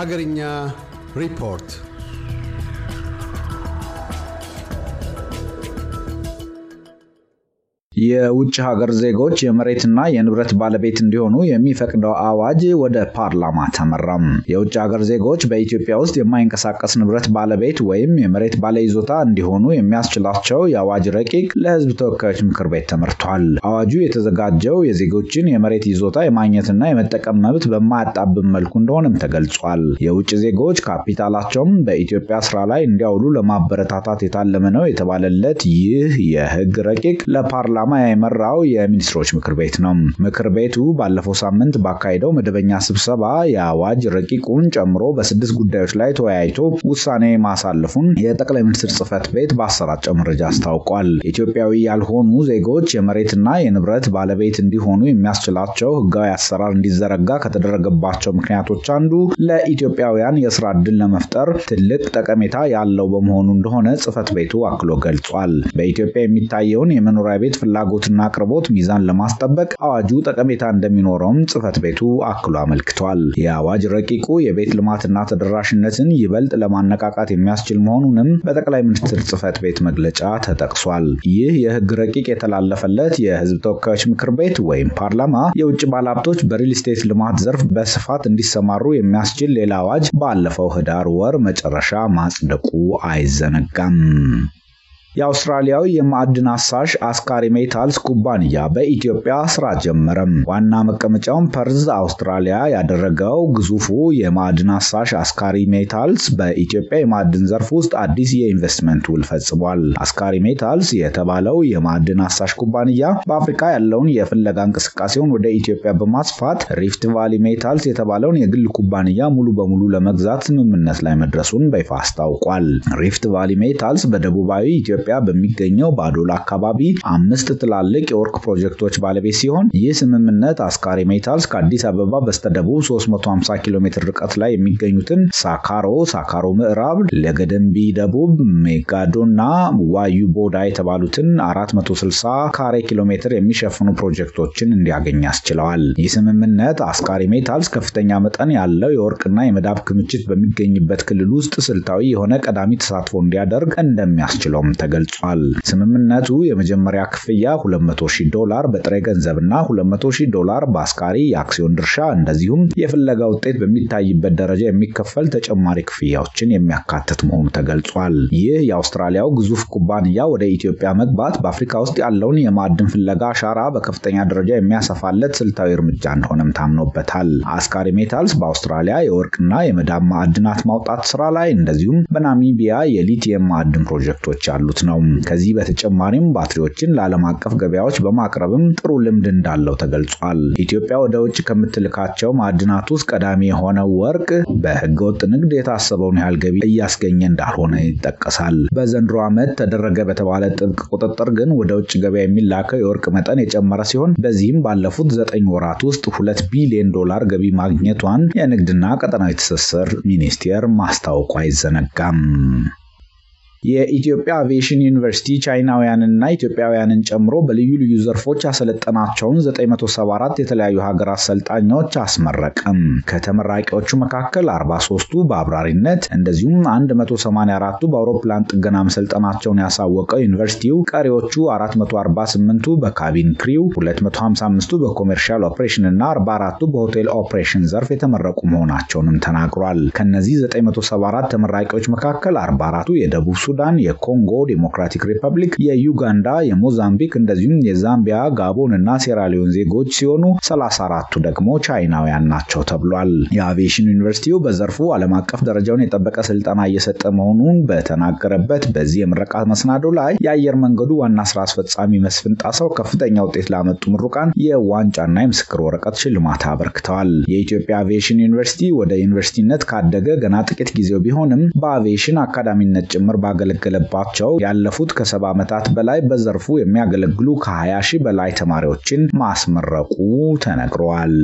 Hagarinya Report የውጭ ሀገር ዜጎች የመሬትና የንብረት ባለቤት እንዲሆኑ የሚፈቅደው አዋጅ ወደ ፓርላማ ተመራም። የውጭ ሀገር ዜጎች በኢትዮጵያ ውስጥ የማይንቀሳቀስ ንብረት ባለቤት ወይም የመሬት ባለይዞታ እንዲሆኑ የሚያስችላቸው የአዋጅ ረቂቅ ለህዝብ ተወካዮች ምክር ቤት ተመርቷል። አዋጁ የተዘጋጀው የዜጎችን የመሬት ይዞታ የማግኘትና የመጠቀም መብት በማያጣብም መልኩ እንደሆነም ተገልጿል። የውጭ ዜጎች ካፒታላቸውም በኢትዮጵያ ስራ ላይ እንዲያውሉ ለማበረታታት የታለመ ነው የተባለለት ይህ የህግ ረቂቅ ለፓርላማ ኦባማ የመራው የሚኒስትሮች ምክር ቤት ነው። ምክር ቤቱ ባለፈው ሳምንት ባካሄደው መደበኛ ስብሰባ የአዋጅ ረቂቁን ጨምሮ በስድስት ጉዳዮች ላይ ተወያይቶ ውሳኔ ማሳለፉን የጠቅላይ ሚኒስትር ጽህፈት ቤት በአሰራጨው መረጃ አስታውቋል። ኢትዮጵያዊ ያልሆኑ ዜጎች የመሬትና የንብረት ባለቤት እንዲሆኑ የሚያስችላቸው ህጋዊ አሰራር እንዲዘረጋ ከተደረገባቸው ምክንያቶች አንዱ ለኢትዮጵያውያን የስራ እድል ለመፍጠር ትልቅ ጠቀሜታ ያለው በመሆኑ እንደሆነ ጽህፈት ቤቱ አክሎ ገልጿል። በኢትዮጵያ የሚታየውን የመኖሪያ ቤት ፍላ ፍላጎትና አቅርቦት ሚዛን ለማስጠበቅ አዋጁ ጠቀሜታ እንደሚኖረውም ጽህፈት ቤቱ አክሎ አመልክቷል። የአዋጅ ረቂቁ የቤት ልማትና ተደራሽነትን ይበልጥ ለማነቃቃት የሚያስችል መሆኑንም በጠቅላይ ሚኒስትር ጽህፈት ቤት መግለጫ ተጠቅሷል። ይህ የህግ ረቂቅ የተላለፈለት የህዝብ ተወካዮች ምክር ቤት ወይም ፓርላማ የውጭ ባለሀብቶች በሪል ስቴት ልማት ዘርፍ በስፋት እንዲሰማሩ የሚያስችል ሌላ አዋጅ ባለፈው ህዳር ወር መጨረሻ ማጽደቁ አይዘነጋም። የአውስትራሊያዊ የማዕድን አሳሽ አስካሪ ሜታልስ ኩባንያ በኢትዮጵያ ስራ ጀመረም። ዋና መቀመጫውን ፐርዝ አውስትራሊያ ያደረገው ግዙፉ የማዕድን አሳሽ አስካሪ ሜታልስ በኢትዮጵያ የማዕድን ዘርፍ ውስጥ አዲስ የኢንቨስትመንት ውል ፈጽሟል። አስካሪ ሜታልስ የተባለው የማዕድን አሳሽ ኩባንያ በአፍሪካ ያለውን የፍለጋ እንቅስቃሴውን ወደ ኢትዮጵያ በማስፋት ሪፍት ቫሊ ሜታልስ የተባለውን የግል ኩባንያ ሙሉ በሙሉ ለመግዛት ስምምነት ላይ መድረሱን በይፋ አስታውቋል። ሪፍት ቫሊ ሜታልስ በደቡባዊ ኢትዮጵያ ኢትዮጵያ በሚገኘው ባዶላ አካባቢ አምስት ትላልቅ የወርቅ ፕሮጀክቶች ባለቤት ሲሆን ይህ ስምምነት አስካሪ ሜታልስ ከአዲስ አበባ በስተደቡብ 350 ኪሎ ሜትር ርቀት ላይ የሚገኙትን ሳካሮ፣ ሳካሮ ምዕራብ፣ ለገደንቢ ደቡብ፣ ሜጋዶና ዋዩ ቦዳ የተባሉትን 460 ካሬ ኪሎ ሜትር የሚሸፍኑ ፕሮጀክቶችን እንዲያገኝ ያስችለዋል። ይህ ስምምነት አስካሪ ሜታልስ ከፍተኛ መጠን ያለው የወርቅና የመዳብ ክምችት በሚገኝበት ክልል ውስጥ ስልታዊ የሆነ ቀዳሚ ተሳትፎ እንዲያደርግ እንደሚያስችለውም ተገልጿል። ስምምነቱ የመጀመሪያ ክፍያ 200 ሺህ ዶላር በጥሬ ገንዘብና 200 ሺህ ዶላር በአስካሪ የአክሲዮን ድርሻ እንደዚሁም የፍለጋ ውጤት በሚታይበት ደረጃ የሚከፈል ተጨማሪ ክፍያዎችን የሚያካትት መሆኑ ተገልጿል። ይህ የአውስትራሊያው ግዙፍ ኩባንያ ወደ ኢትዮጵያ መግባት በአፍሪካ ውስጥ ያለውን የማዕድን ፍለጋ አሻራ በከፍተኛ ደረጃ የሚያሰፋለት ስልታዊ እርምጃ እንደሆነም ታምኖበታል። አስካሪ ሜታልስ በአውስትራሊያ የወርቅና የመዳብ ማዕድናት ማውጣት ስራ ላይ እንደዚሁም በናሚቢያ የሊቲየም ማዕድን ፕሮጀክቶች ያሉት ነው። ከዚህ በተጨማሪም ባትሪዎችን ለዓለም አቀፍ ገበያዎች በማቅረብም ጥሩ ልምድ እንዳለው ተገልጿል። ኢትዮጵያ ወደ ውጭ ከምትልካቸው ማዕድናት ውስጥ ቀዳሚ የሆነው ወርቅ በህገወጥ ንግድ የታሰበውን ያህል ገቢ እያስገኘ እንዳልሆነ ይጠቀሳል። በዘንድሮ ዓመት ተደረገ በተባለ ጥብቅ ቁጥጥር ግን ወደ ውጭ ገበያ የሚላከው የወርቅ መጠን የጨመረ ሲሆን በዚህም ባለፉት ዘጠኝ ወራት ውስጥ ሁለት ቢሊዮን ዶላር ገቢ ማግኘቷን የንግድና ቀጠናዊ ትስስር ሚኒስቴር ማስታወቁ አይዘነጋም። የኢትዮጵያ አቪዬሽን ዩኒቨርሲቲ ቻይናውያንና ኢትዮጵያውያንን ጨምሮ በልዩ ልዩ ዘርፎች ያሰለጠናቸውን 974 የተለያዩ ሀገራት ሰልጣኞች አስመረቅም። ከተመራቂዎቹ መካከል 43ቱ በአብራሪነት እንደዚሁም 184ቱ በአውሮፕላን ጥገና መሰልጠናቸውን ያሳወቀው ዩኒቨርሲቲው ቀሪዎቹ 448ቱ በካቢን ክሪው፣ 255ቱ በኮሜርሻል ኦፕሬሽን እና 44ቱ በሆቴል ኦፕሬሽን ዘርፍ የተመረቁ መሆናቸውንም ተናግሯል። ከነዚህ 974 ተመራቂዎች መካከል 44ቱ የደቡብ የሱዳን፣ የኮንጎ ዴሞክራቲክ ሪፐብሊክ፣ የዩጋንዳ፣ የሞዛምቢክ እንደዚሁም የዛምቢያ፣ ጋቦን እና ሴራሊዮን ዜጎች ሲሆኑ 34ቱ ደግሞ ቻይናውያን ናቸው ተብሏል። የአቪዬሽን ዩኒቨርሲቲው በዘርፉ ዓለም አቀፍ ደረጃውን የጠበቀ ስልጠና እየሰጠ መሆኑን በተናገረበት በዚህ የምረቃ መሰናዶ ላይ የአየር መንገዱ ዋና ስራ አስፈጻሚ መስፍን ጣሰው ከፍተኛ ውጤት ላመጡ ምሩቃን የዋንጫና የምስክር ወረቀት ሽልማት አበርክተዋል። የኢትዮጵያ አቪዬሽን ዩኒቨርሲቲ ወደ ዩኒቨርሲቲነት ካደገ ገና ጥቂት ጊዜው ቢሆንም በአቪዬሽን አካዳሚነት ጭምር ካገለገለባቸው ያለፉት ከሰባ ዓመታት በላይ በዘርፉ የሚያገለግሉ ከ20 ሺህ በላይ ተማሪዎችን ማስመረቁ ተነግሯል።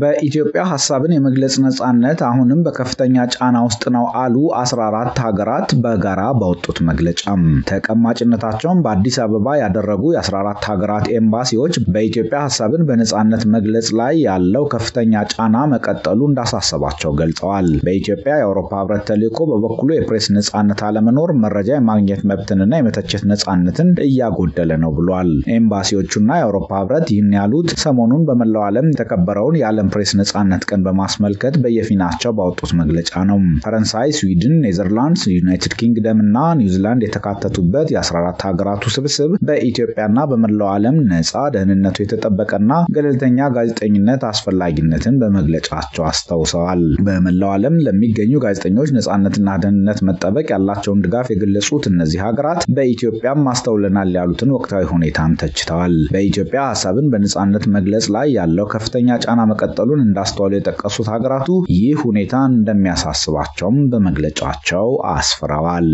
በኢትዮጵያ ሀሳብን የመግለጽ ነጻነት አሁንም በከፍተኛ ጫና ውስጥ ነው አሉ 14 ሀገራት በጋራ ባወጡት መግለጫ ተቀማጭነታቸውን በአዲስ አበባ ያደረጉ የ14 ሀገራት ኤምባሲዎች በኢትዮጵያ ሀሳብን በነጻነት መግለጽ ላይ ያለው ከፍተኛ ጫና መቀጠሉ እንዳሳሰባቸው ገልጸዋል። በኢትዮጵያ የአውሮፓ ህብረት ተልዕኮ በበኩሉ የፕሬስ ነጻነት አለመኖር መረጃ የማግኘት መብትንና የመተቸት ነጻነትን እያጎደለ ነው ብሏል። ኤምባሲዎቹና የአውሮፓ ህብረት ይህን ያሉት ሰሞኑን በመላው ዓለም የተከበረውን ያለ የዓለም ፕሬስ ነጻነት ቀን በማስመልከት በየፊናቸው ባወጡት መግለጫ ነው። ፈረንሳይ፣ ስዊድን፣ ኔዘርላንድስ፣ ዩናይትድ ኪንግደም እና ኒውዚላንድ የተካተቱበት የ14 ሀገራቱ ስብስብ በኢትዮጵያና በመላው ዓለም ነፃ ደህንነቱ የተጠበቀና ገለልተኛ ጋዜጠኝነት አስፈላጊነትን በመግለጫቸው አስታውሰዋል። በመላው ዓለም ለሚገኙ ጋዜጠኞች ነፃነትና ደህንነት መጠበቅ ያላቸውን ድጋፍ የገለጹት እነዚህ ሀገራት በኢትዮጵያም አስተውለናል ያሉትን ወቅታዊ ሁኔታም ተችተዋል። በኢትዮጵያ ሀሳብን በነፃነት መግለጽ ላይ ያለው ከፍተኛ ጫና መቀጠሉን እንዳስተዋሉ የጠቀሱት ሀገራቱ ይህ ሁኔታ እንደሚያሳስባቸውም በመግለጫቸው አስፍረዋል።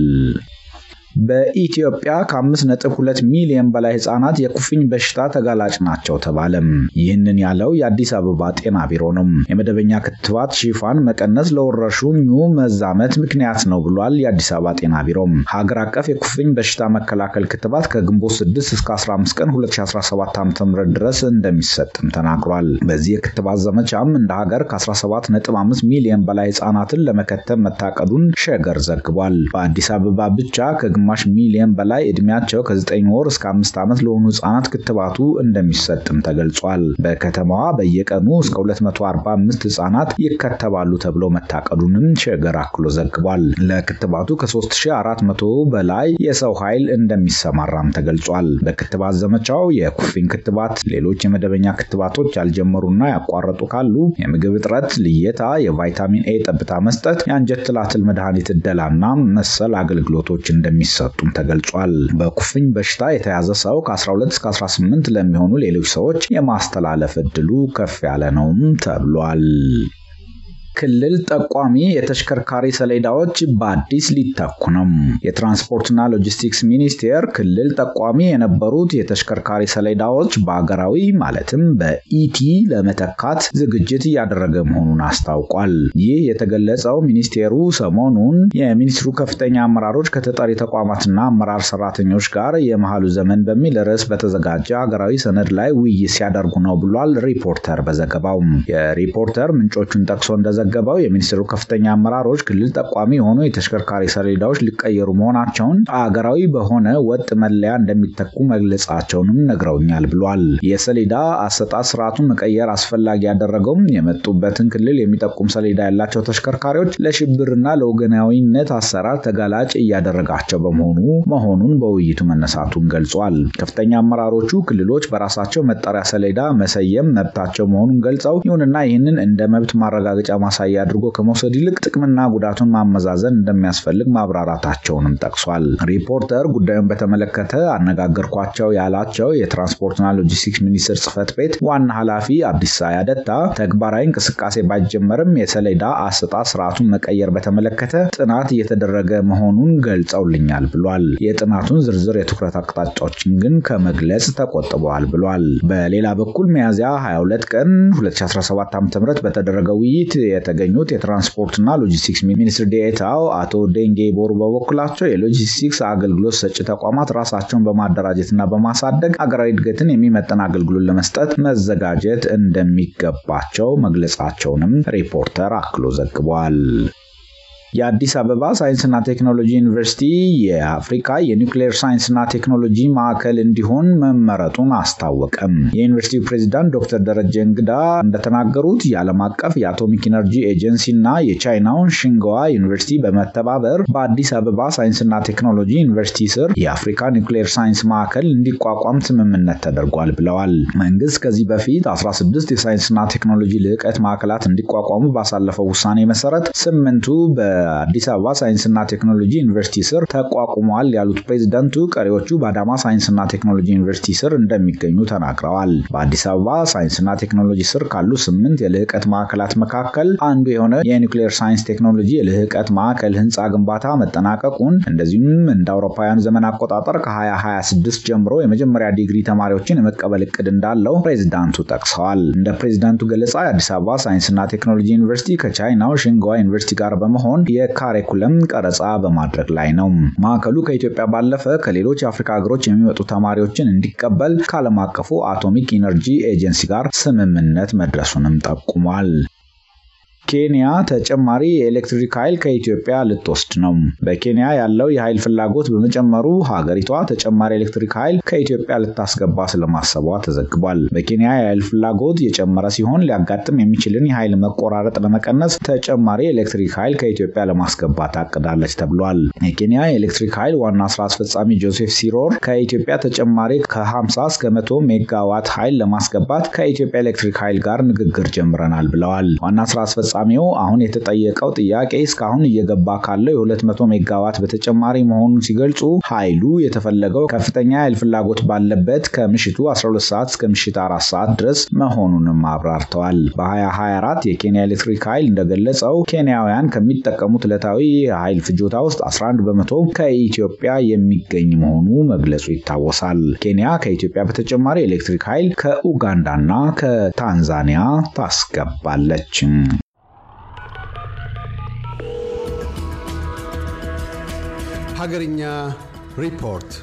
በኢትዮጵያ ከ5.2 ሚሊዮን በላይ ህጻናት የኩፍኝ በሽታ ተጋላጭ ናቸው ተባለም። ይህንን ያለው የአዲስ አበባ ጤና ቢሮ ነው። የመደበኛ ክትባት ሽፋን መቀነስ ለወረርሽኙ መዛመት ምክንያት ነው ብሏል የአዲስ አበባ ጤና ቢሮ። ሀገር አቀፍ የኩፍኝ በሽታ መከላከል ክትባት ከግንቦት 6 እስከ 15 ቀን 2017 ዓ.ም ድረስ እንደሚሰጥም ተናግሯል። በዚህ የክትባት ዘመቻም እንደ ሀገር ከ17.5 ሚሊዮን በላይ ህጻናትን ለመከተብ መታቀዱን ሸገር ዘግቧል። በአዲስ አበባ ብቻ ከግማሽ ሚሊዮን በላይ እድሜያቸው ከ9 ወር እስከ 5 ዓመት ለሆኑ ህጻናት ክትባቱ እንደሚሰጥም ተገልጿል። በከተማዋ በየቀኑ እስከ 245 ህጻናት ይከተባሉ ተብሎ መታቀዱንም ሸገር አክሎ ዘግቧል። ለክትባቱ ከ3400 በላይ የሰው ኃይል እንደሚሰማራም ተገልጿል። በክትባት ዘመቻው የኩፍኝ ክትባት፣ ሌሎች የመደበኛ ክትባቶች ያልጀመሩና ያቋረጡ ካሉ የምግብ እጥረት ልየታ፣ የቫይታሚን ኤ ጠብታ መስጠት፣ የአንጀት ትላትል መድኃኒት እደላና መሰል አገልግሎቶች እንደሚሰ እንደሚሰጡም ተገልጿል። በኩፍኝ በሽታ የተያዘ ሰው ከ12 እስከ 18 ለሚሆኑ ሌሎች ሰዎች የማስተላለፍ እድሉ ከፍ ያለ ነውም ተብሏል። ክልል ጠቋሚ የተሽከርካሪ ሰሌዳዎች በአዲስ ሊተኩ ነው። የትራንስፖርትና ሎጂስቲክስ ሚኒስቴር ክልል ጠቋሚ የነበሩት የተሽከርካሪ ሰሌዳዎች በአገራዊ ማለትም በኢቲ ለመተካት ዝግጅት እያደረገ መሆኑን አስታውቋል። ይህ የተገለጸው ሚኒስቴሩ ሰሞኑን የሚኒስትሩ ከፍተኛ አመራሮች ከተጠሪ ተቋማትና አመራር ሰራተኞች ጋር የመሃሉ ዘመን በሚል ርዕስ በተዘጋጀ ሀገራዊ ሰነድ ላይ ውይይት ሲያደርጉ ነው ብሏል። ሪፖርተር በዘገባው የሪፖርተር ምንጮቹን ጠቅሶ እንደዘ እንደዘገበው የሚኒስቴሩ ከፍተኛ አመራሮች ክልል ጠቋሚ የሆኑ የተሽከርካሪ ሰሌዳዎች ሊቀየሩ መሆናቸውን አገራዊ በሆነ ወጥ መለያ እንደሚተኩ መግለጻቸውንም ነግረውኛል ብሏል። የሰሌዳ አሰጣጥ ስርዓቱን መቀየር አስፈላጊ ያደረገውም የመጡበትን ክልል የሚጠቁም ሰሌዳ ያላቸው ተሽከርካሪዎች ለሽብርና ለወገናዊነት አሰራር ተጋላጭ እያደረጋቸው በመሆኑ መሆኑን በውይይቱ መነሳቱን ገልጿል። ከፍተኛ አመራሮቹ ክልሎች በራሳቸው መጠሪያ ሰሌዳ መሰየም መብታቸው መሆኑን ገልጸው ይሁንና ይህንን እንደ መብት ማረጋገጫ ማስ ማሳያ አድርጎ ከመውሰድ ይልቅ ጥቅምና ጉዳቱን ማመዛዘን እንደሚያስፈልግ ማብራራታቸውንም ጠቅሷል። ሪፖርተር ጉዳዩን በተመለከተ አነጋገርኳቸው ያላቸው የትራንስፖርትና ሎጂስቲክስ ሚኒስቴር ጽህፈት ቤት ዋና ኃላፊ አብዲሳ ያደታ ተግባራዊ እንቅስቃሴ ባይጀመርም የሰሌዳ አሰጣጥ ስርዓቱን መቀየር በተመለከተ ጥናት እየተደረገ መሆኑን ገልጸውልኛል ብሏል። የጥናቱን ዝርዝር የትኩረት አቅጣጫዎችን ግን ከመግለጽ ተቆጥበዋል ብሏል። በሌላ በኩል ሚያዝያ 22 ቀን 2017 ዓ.ም በተደረገ ውይይት የተገኙት የትራንስፖርትና ሎጂስቲክስ ሚኒስትር ዴኤታው አቶ ደንጌ ቦሩ በበኩላቸው የሎጂስቲክስ አገልግሎት ሰጪ ተቋማት ራሳቸውን በማደራጀትና በማሳደግ አገራዊ እድገትን የሚመጠን አገልግሎት ለመስጠት መዘጋጀት እንደሚገባቸው መግለጻቸውንም ሪፖርተር አክሎ ዘግቧል። የአዲስ አበባ ሳይንስና ቴክኖሎጂ ዩኒቨርሲቲ የአፍሪካ የኒውክሌር ሳይንስና ቴክኖሎጂ ማዕከል እንዲሆን መመረጡን አስታወቀም። የዩኒቨርሲቲው ፕሬዚዳንት ዶክተር ደረጀ እንግዳ እንደተናገሩት የዓለም አቀፍ የአቶሚክ ኢነርጂ ኤጀንሲና የቻይናውን ሽንገዋ ዩኒቨርሲቲ በመተባበር በአዲስ አበባ ሳይንስና ቴክኖሎጂ ዩኒቨርሲቲ ስር የአፍሪካ ኒውክሌር ሳይንስ ማዕከል እንዲቋቋም ስምምነት ተደርጓል ብለዋል። መንግስት ከዚህ በፊት 16 የሳይንስና ቴክኖሎጂ ልዕቀት ማዕከላት እንዲቋቋሙ ባሳለፈው ውሳኔ መሰረት ስምንቱ በ በአዲስ አበባ ሳይንስና ቴክኖሎጂ ዩኒቨርሲቲ ስር ተቋቁመዋል ያሉት ፕሬዚደንቱ ቀሪዎቹ በአዳማ ሳይንስና ቴክኖሎጂ ዩኒቨርሲቲ ስር እንደሚገኙ ተናግረዋል። በአዲስ አበባ ሳይንስና ቴክኖሎጂ ስር ካሉ ስምንት የልህቀት ማዕከላት መካከል አንዱ የሆነ የኒውክሌር ሳይንስ ቴክኖሎጂ የልህቀት ማዕከል ህንፃ ግንባታ መጠናቀቁን እንደዚሁም እንደ አውሮፓውያን ዘመን አቆጣጠር ከ2026 ጀምሮ የመጀመሪያ ዲግሪ ተማሪዎችን የመቀበል እቅድ እንዳለው ፕሬዚዳንቱ ጠቅሰዋል። እንደ ፕሬዚዳንቱ ገለጻ የአዲስ አበባ ሳይንስና ቴክኖሎጂ ዩኒቨርሲቲ ከቻይናው ሽንጓ ዩኒቨርሲቲ ጋር በመሆን የካሪኩለም ቀረጻ በማድረግ ላይ ነው። ማዕከሉ ከኢትዮጵያ ባለፈ ከሌሎች የአፍሪካ ሀገሮች የሚመጡ ተማሪዎችን እንዲቀበል ከዓለም አቀፉ አቶሚክ ኢነርጂ ኤጀንሲ ጋር ስምምነት መድረሱንም ጠቁሟል። ኬንያ ተጨማሪ የኤሌክትሪክ ኃይል ከኢትዮጵያ ልትወስድ ነው። በኬንያ ያለው የኃይል ፍላጎት በመጨመሩ ሀገሪቷ ተጨማሪ ኤሌክትሪክ ኃይል ከኢትዮጵያ ልታስገባ ስለማሰቧ ተዘግቧል። በኬንያ የኃይል ፍላጎት የጨመረ ሲሆን ሊያጋጥም የሚችልን የኃይል መቆራረጥ ለመቀነስ ተጨማሪ ኤሌክትሪክ ኃይል ከኢትዮጵያ ለማስገባት ታቅዳለች ተብሏል። የኬንያ የኤሌክትሪክ ኃይል ዋና ስራ አስፈጻሚ ጆሴፍ ሲሮር ከኢትዮጵያ ተጨማሪ ከ50 እስከ 100 ሜጋዋት ኃይል ለማስገባት ከኢትዮጵያ ኤሌክትሪክ ኃይል ጋር ንግግር ጀምረናል ብለዋል። ዋና ስራ ተጠቃሚው አሁን የተጠየቀው ጥያቄ እስካሁን እየገባ ካለው የ200 ሜጋዋት በተጨማሪ መሆኑን ሲገልጹ ኃይሉ የተፈለገው ከፍተኛ የኃይል ፍላጎት ባለበት ከምሽቱ 12 ሰዓት እስከ ምሽት 4 ሰዓት ድረስ መሆኑንም አብራርተዋል። በ2024 የኬንያ ኤሌክትሪክ ኃይል እንደገለጸው ኬንያውያን ከሚጠቀሙት ዕለታዊ የኃይል ፍጆታ ውስጥ 11 በመቶ ከኢትዮጵያ የሚገኝ መሆኑ መግለጹ ይታወሳል። ኬንያ ከኢትዮጵያ በተጨማሪ ኤሌክትሪክ ኃይል ከኡጋንዳና ከታንዛኒያ ታስገባለች። Agarinya Report.